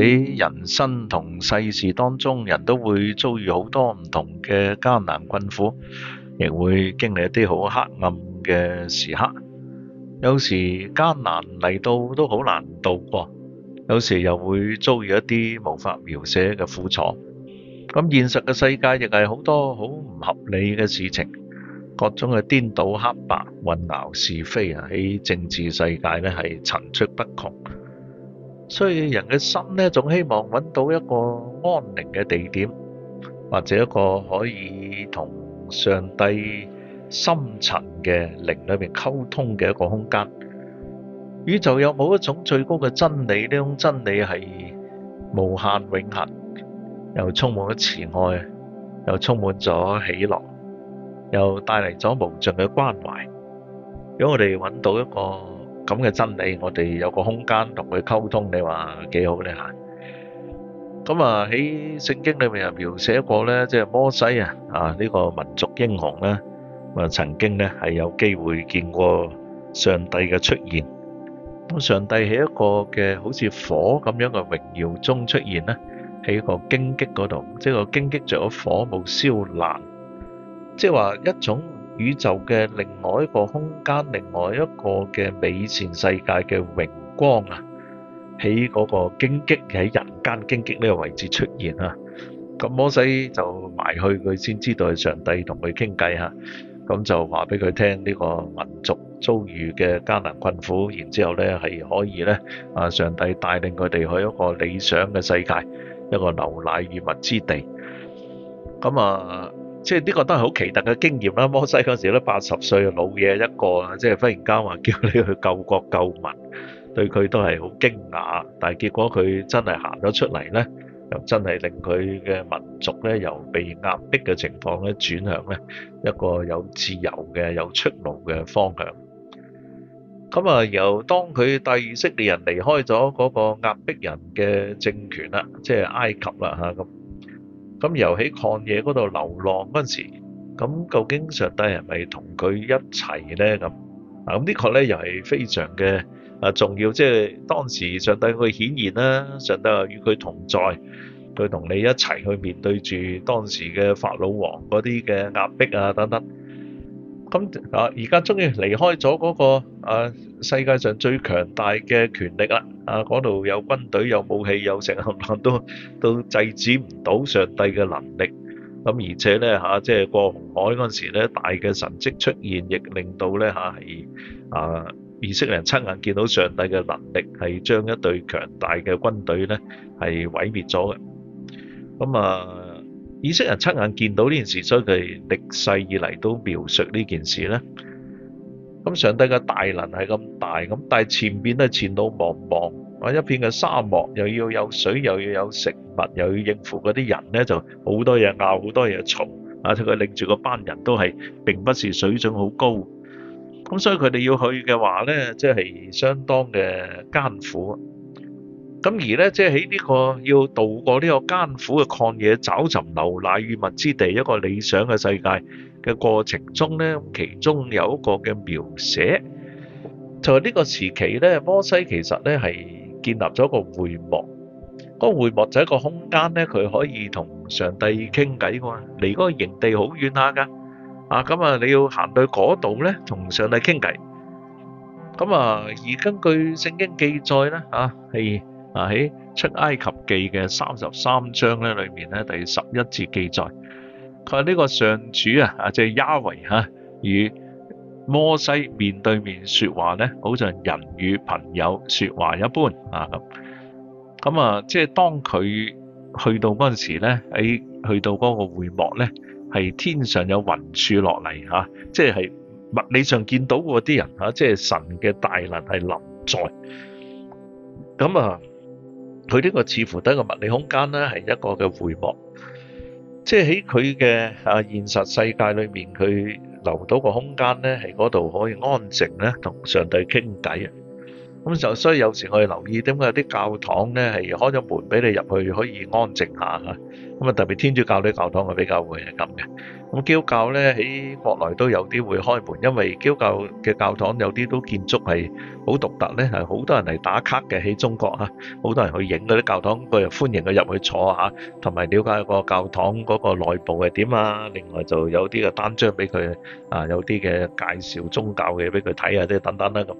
喺人生同世事當中，人都會遭遇好多唔同嘅艱難困苦，亦會經歷一啲好黑暗嘅時刻。有時艱難嚟到都好難度過，有時又會遭遇一啲無法描寫嘅苦楚。咁現實嘅世界亦係好多好唔合理嘅事情，各種嘅顛倒黑白、混淆是非啊！喺政治世界咧，係層出不窮。所以人嘅心呢，總希望揾到一個安寧嘅地點，或者一個可以同上帝深層嘅靈裏邊溝通嘅一個空間。宇宙有冇一種最高嘅真理？呢種真理係無限永恆，又充滿咗慈愛，又充滿咗喜樂，又帶嚟咗無盡嘅關懷，讓我哋揾到一個。咁嘅真理，我哋有個空間同佢溝通，你話幾好咧嚇？咁啊喺聖經裏面又描寫過咧，即係摩西啊啊呢個民族英雄咧，啊曾經咧係有機會見過上帝嘅出現。咁上帝喺一個嘅好似火咁樣嘅榮耀中出現咧，喺個荊棘嗰度，即係個荊棘著火冇燒爛，即係話一種。宇宙嘅另外一個空間，另外一個嘅美善世界嘅榮光啊，喺嗰個荊棘喺人間荊棘呢個位置出現啊。咁摩西就埋去，佢先知道係上帝同佢傾偈嚇，咁就話俾佢聽呢個民族遭遇嘅艱難困苦，然之後呢係可以呢啊，上帝帶領佢哋去一個理想嘅世界，一個流奶與蜜之地。咁啊～即係呢個都係好奇特嘅經驗啦。摩西嗰時都八十歲老嘢一個，即係忽然間話叫你去救國救民，對佢都係好驚訝。但係結果佢真係行咗出嚟咧，又真係令佢嘅民族咧由被壓迫嘅情況咧轉向咧一個有自由嘅、有出路嘅方向。咁啊，由當佢帶以色列人離開咗嗰個壓迫人嘅政權啦，即係埃及啦嚇咁。咁由喺曠野嗰度流浪嗰陣時，咁究竟上帝係咪同佢一齊呢？咁嗱，咁呢個咧又係非常嘅啊重要，即係當時上帝佢顯然啦，上帝係與佢同在，佢同你一齊去面對住當時嘅法老王嗰啲嘅壓迫啊等等。咁啊，而家終於離開咗嗰個啊世界上最強大嘅權力啦！啊，嗰度有軍隊、有武器、有成，都都制止唔到上帝嘅能力。咁而且咧嚇，即係過紅海嗰陣時咧，大嘅神跡出現，亦令到咧嚇係啊以色列人親眼見到上帝嘅能力係將一隊強大嘅軍隊咧係毀滅咗嘅。咁啊～以色列人親眼見到呢件事，所以佢哋歷世以嚟都描述呢件事咧。咁上帝嘅大能係咁大，咁但係前邊咧前路茫茫啊一片嘅沙漠，又要有水，又要有食物，又要應付嗰啲人咧，就好多嘢拗，好多嘢嘈啊！佢令住個班人都係，並不是水準好高，咁所以佢哋要去嘅話咧，即係相當嘅艱苦。咁而咧，即係喺呢個要渡過呢個艱苦嘅曠野、找尋流奶與蜜之地一個理想嘅世界嘅過程中咧，咁其中有一個嘅描寫，就係呢個時期咧，摩西其實咧係建立咗個會幕，嗰個會幕就係一個空間咧，佢可以同上帝傾偈嘅嘛。離嗰個營地好遠下噶，啊咁啊，你要行到嗰度咧，同上帝傾偈。咁啊，而根據聖經記載咧，啊係。啊喺出埃及記嘅三十三章咧裏面咧第十一節記載，佢話呢個上主啊啊即係亞維吓，與摩西面對面說話咧，好像人與朋友說話一般啊咁。咁啊，即係當佢去到嗰陣時咧，喺去到嗰個會幕咧，係天上有雲柱落嚟，吓，即係物理上見到嗰啲人吓，啊，即係神嘅大能係臨在。咁啊～啊佢呢個似乎得個物理空間咧，係一個嘅回幕，即係喺佢嘅啊現實世界裏面，佢留到個空間咧，喺嗰度可以安靜咧，同上帝傾偈。咁就所以有時我哋留意，點解有啲教堂咧係開咗門俾你入去可以安靜一下嚇，咁啊特別天主教啲教堂係比較會係咁嘅。咁基督教咧喺國內都有啲會開門，因為基督教嘅教堂有啲都建築係好獨特咧，係好多人嚟打卡嘅喺中國嚇，好多人去影嗰啲教堂，佢又歡迎佢入去坐下，同埋了解個教堂嗰個內部係點啊。另外就有啲嘅單張俾佢啊，有啲嘅介紹宗教嘅俾佢睇啊，即等等啦咁。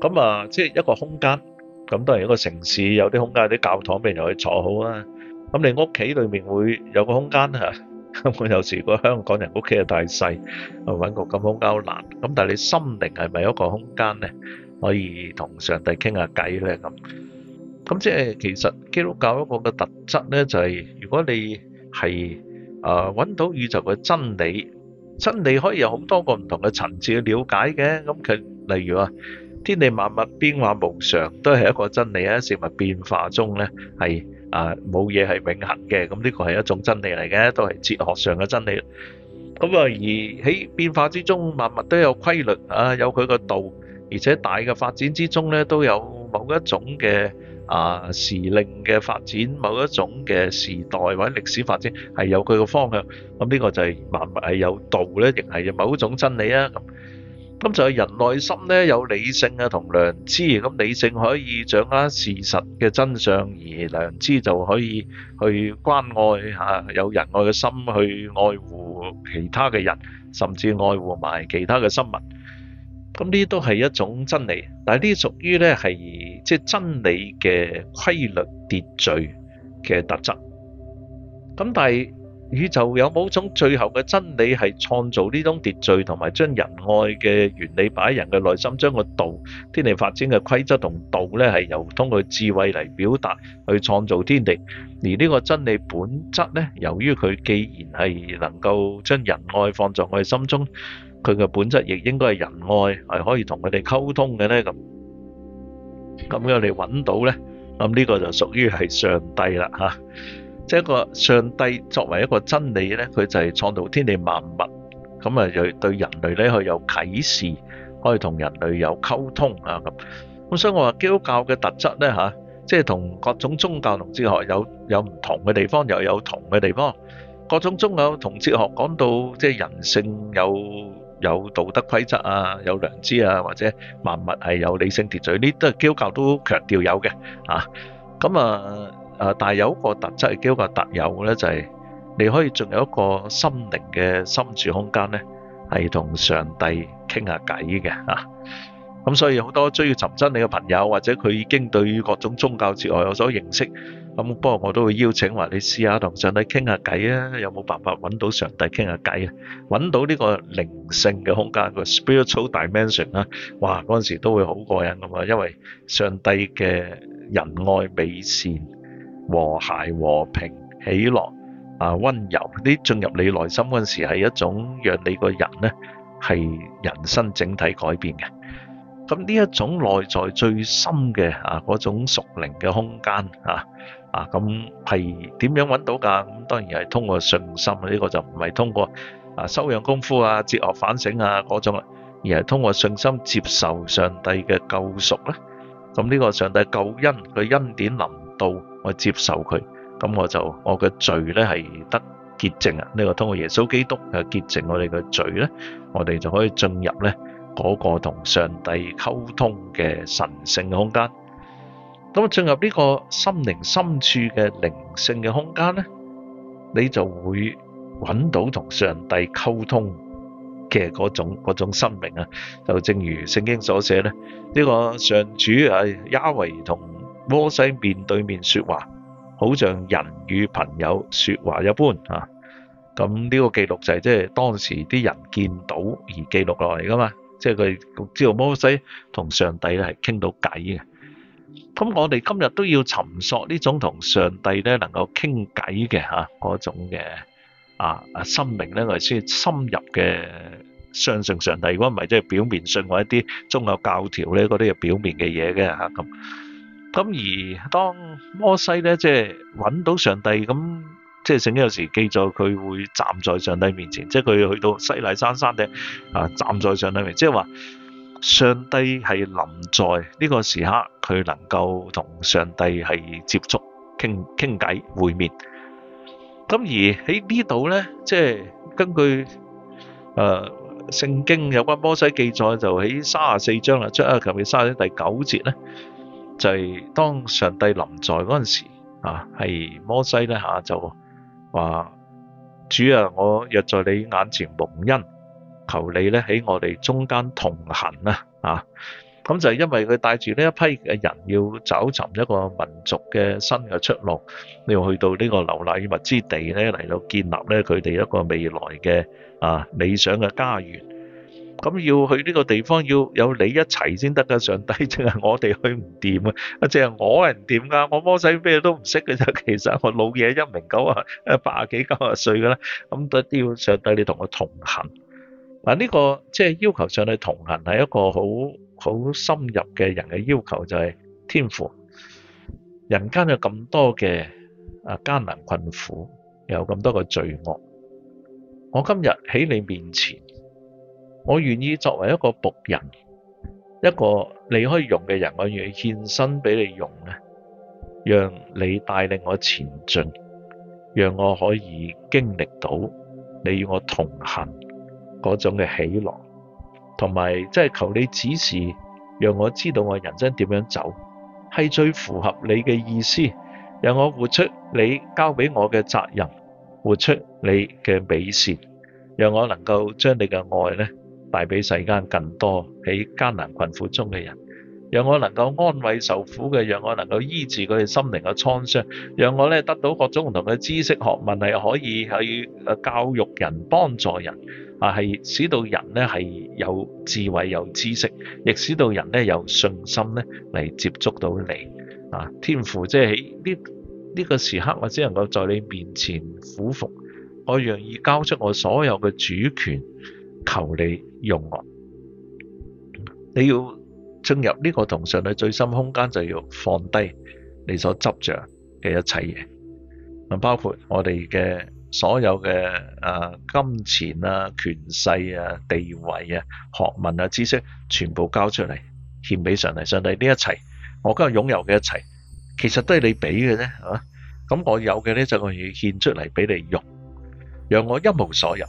咁啊，即係一個空間。咁當然一個城市有啲空間，有啲教堂俾人去坐好啦。咁你屋企裏面會有個空間嚇。咁我有時如果香港人屋企啊太細，啊揾個咁嘅空間好難。咁但係你心靈係咪一個空間咧？可以同上帝傾下偈咧咁。咁即係其實基督教一個嘅特質咧，就係如果你係啊揾到宇宙嘅真理，真理可以有好多個唔同嘅層次去了解嘅。咁佢例如啊。天地萬物，變化無常，都係一個真理啊！事物變化中咧，係啊冇嘢係永恆嘅，咁呢個係一種真理嚟嘅，都係哲學上嘅真理。咁啊，而喺變化之中，萬物都有規律啊，有佢個道，而且大嘅發展之中咧，都有某一種嘅啊時令嘅發展，某一種嘅時代或者歷史發展係有佢個方向。咁呢個就係萬物係有道咧，亦係某種真理啊？咁就係人內心咧，有理性啊同良知，咁理性可以掌握事實嘅真相，而良知就可以去關愛嚇，有仁愛嘅心去愛護其他嘅人，甚至愛護埋其他嘅生物。咁呢都係一種真理，但係呢啲屬於咧係即係真理嘅規律秩序嘅特質。咁但係。宇宙有冇種最後嘅真理係創造呢種秩序，同埋將仁愛嘅原理擺喺人嘅內心，將個道天地發展嘅規則同道咧，係由通過智慧嚟表達，去創造天地。而呢個真理本質咧，由於佢既然係能夠將仁愛放在我哋心中，佢嘅本質亦應該係仁愛，係可以同佢哋溝通嘅咧。咁咁樣你揾到咧，咁呢個就屬於係上帝啦，吓。即係一個上帝作為一個真理咧，佢就係創造天地萬物，咁啊對對人類咧，佢有啟示，可以同人類有溝通啊咁。咁所以我話基督教嘅特質咧嚇，即係同各種宗教同哲學有有唔同嘅地方，又有同嘅地方。各種宗教同哲學講到即係人性有有道德規則啊，有良知啊，或者萬物係有理性秩序，呢啲都係基督教都強調有嘅啊。咁啊～啊！但係有一個特質，係幾個特有咧，就係你可以進入一個心靈嘅深處空間咧，係同上帝傾下偈嘅嚇。咁所以好多追尋真理嘅朋友，或者佢已經對於各種宗教之外有所認識，咁不過我都會邀請話你試下同上帝傾下偈啊，有冇辦法揾到上帝傾下偈啊？揾到呢個靈性嘅空間個 spiritual dimension 啦，哇！嗰陣時都會好過癮㗎嘛，因為上帝嘅仁愛美善。和諧、和平、喜樂啊，溫柔啲進入你內心嗰陣時，係一種讓你個人呢係人生整體改變嘅。咁呢一種內在最深嘅，啊嗰種屬靈嘅空間啊啊，咁係點樣搵到㗎？咁當然係通過信心，呢個就唔係通過啊修養功夫啊、哲學反省啊嗰種啦，而係通過信心接受上帝嘅救贖啦。咁呢個上帝救恩嘅恩典臨到我接受佢，咁我就我嘅罪咧係得潔淨啊！呢個通過耶穌基督啊潔淨我哋嘅罪咧，我哋就可以進入咧嗰個同上帝溝通嘅神聖嘅空間。咁啊，進入呢個心靈深處嘅靈性嘅空間咧，你就會搵到同上帝溝通嘅嗰種嗰種心靈啊！就正如聖經所寫咧，呢個上主啊亞維同。摩西面對面，説話好像人與朋友説話一般啊。咁呢個記錄就係即係當時啲人見到而記錄落嚟噶嘛。即係佢知道摩西同上帝咧係傾到偈嘅。咁我哋今日都要尋索呢種同上帝咧能夠傾偈嘅嚇嗰種嘅啊啊，心靈咧為先深入嘅相信上帝。如果唔係即係表面上或者一啲宗教教條咧，嗰啲係表面嘅嘢嘅嚇咁。啊啊啊咁而當摩西咧，即係揾到上帝，咁即係聖經有時記載佢會站在上帝面前，即係佢去到西奈山山頂，啊，站在上帝面前，即係話上帝係臨在呢個時刻，佢能夠同上帝係接觸、傾傾偈、會面。咁而喺呢度咧，即係根據誒聖、呃、經有關摩西記載，就喺三十四章啦，即係啊，琴日三十第九節咧。就係當上帝臨在嗰陣時，啊，係摩西咧嚇就話：主啊，我若在你眼前蒙恩，求你咧喺我哋中間同行啊！啊，咁就係、是、因為佢帶住呢一批嘅人要找尋一個民族嘅新嘅出路，要去到呢個流奶與蜜之地咧，嚟到建立咧佢哋一個未來嘅啊理想嘅家園。咁要去呢個地方要有你一齊先得噶，上帝，淨係我哋去唔掂啊！淨係我係唔掂噶，我魔仔咩都唔識噶啫。其實我老嘢，一零九啊，誒，八啊幾九啊歲噶啦。咁都要上帝你同我同行。嗱、啊，呢、這個即係、就是、要求上帝同行，係一個好好深入嘅人嘅要求，就係、是、天父人間有咁多嘅啊艱難困苦，有咁多個罪惡，我今日喺你面前。我願意作為一個僕人，一個你可以用嘅人，我願意獻身俾你用咧，讓你帶領我前進，讓我可以經歷到你與我同行嗰種嘅喜樂，同埋即係求你指示，讓我知道我人生點樣走係最符合你嘅意思，讓我活出你交俾我嘅責任，活出你嘅美善，讓我能夠將你嘅愛咧，帶俾世間更多喺艱難困苦中嘅人，讓我能夠安慰受苦嘅，讓我能夠醫治佢哋心靈嘅創傷，讓我咧得到各種唔同嘅知識學問，係可以去教育人、幫助人，啊，係使到人咧係有智慧、有知識，亦使到人咧有信心咧嚟接觸到你啊！天父即，即係喺呢呢個時刻，我只能夠在你面前俯伏，我願意交出我所有嘅主權，求你。用我，你要進入呢個同上帝最深空間，就要放低你所執着嘅一切嘢，包括我哋嘅所有嘅誒金錢啊、權勢啊、地位啊、學問啊、知識，全部交出嚟，獻俾上帝。上帝呢一切，我今日擁有嘅一切，其實都係你俾嘅啫，係、啊、嘛？咁我有嘅呢就係我要獻出嚟俾你用，讓我一無所有。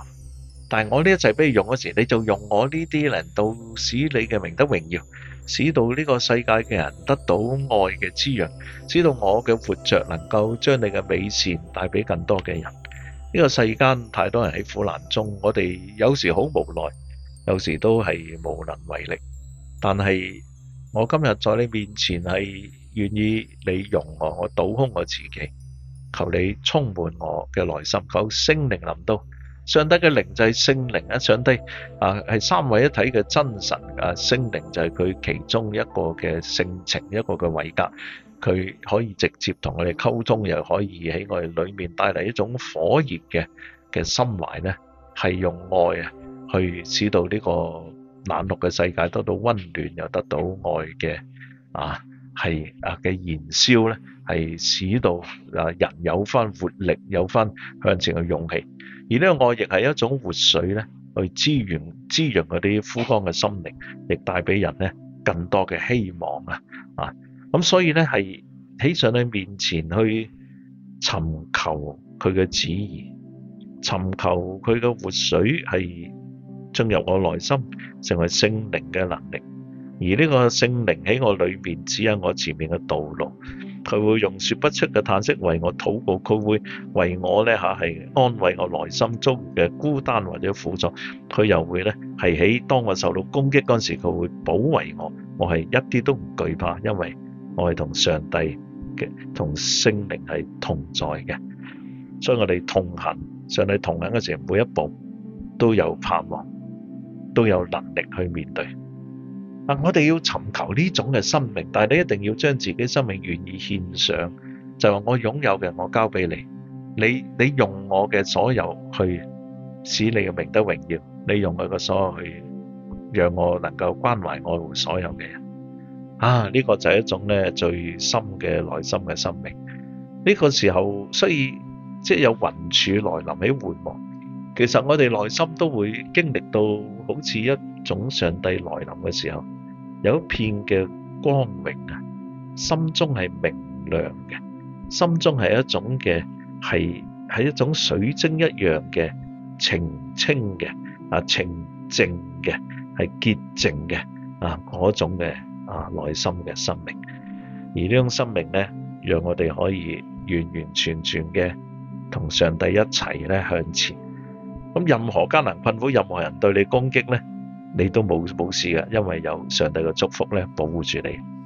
但係我呢一切俾你用嗰時，你就用我呢啲嚟到使你嘅名得榮耀，使到呢個世界嘅人得到愛嘅滋潤，使到我嘅活着能夠將你嘅美善帶俾更多嘅人。呢個世間太多人喺苦難中，我哋有時好無奈，有時都係無能為力。但係我今日在你面前係願意你容我，我倒空我自己，求你充滿我嘅內心，求聖靈臨到。上帝嘅靈就係聖靈啊！上帝啊，係三位一體嘅真神啊，聖靈就係佢其中一個嘅性情，一個嘅位格。佢可以直接同我哋溝通，又可以喺我哋裏面帶嚟一種火熱嘅嘅心懷咧，係用愛啊去使到呢個冷落嘅世界得到溫暖，又得到愛嘅啊，係啊嘅燃燒咧，係使到啊人有返活力，有返向前嘅勇氣。而呢個愛亦係一種活水咧，去滋潤滋潤嗰啲枯乾嘅心靈，亦帶俾人咧更多嘅希望啊！啊，咁所以咧係起上你面前去尋求佢嘅旨意，尋求佢嘅活水係進入我內心，成為聖靈嘅能力。而呢個聖靈喺我裏面只有我前面嘅道路。佢會用説不出嘅嘆息為我禱告，佢會為我呢嚇係安慰我內心中嘅孤單或者苦楚。佢又會呢，係喺當我受到攻擊嗰陣時候，佢會保衞我，我係一啲都唔懼怕，因為我係同上帝嘅同聖靈係同在嘅。所以我哋同行上帝同行嗰時候，每一步都有盼望，都有能力去面對。啊！我哋要尋求呢種嘅生命，但係你一定要將自己生命願意獻上，就話我擁有嘅我交俾你，你你用我嘅所有去使你嘅名得榮耀，你用我嘅所有去讓我能夠關懷愛護所有嘅人。啊！呢個就係一種咧最深嘅內心嘅生命。呢個時候，所以即係有雲柱來臨喺回望，其實我哋內心都會經歷到好似一種上帝來臨嘅時候。有一片嘅光明，啊，心中係明亮嘅，心中係一種嘅，係一種水晶一樣嘅澄清嘅啊，澄淨嘅，是潔淨嘅，係潔淨嘅，啊，嗰種嘅啊內心嘅生命，而呢種生命呢，讓我哋可以完完全全嘅同上帝一齊呢向前。咁任何艱難困苦，任何人對你攻擊呢。你都冇冇事嘅，因為有上帝嘅祝福呢保護住你。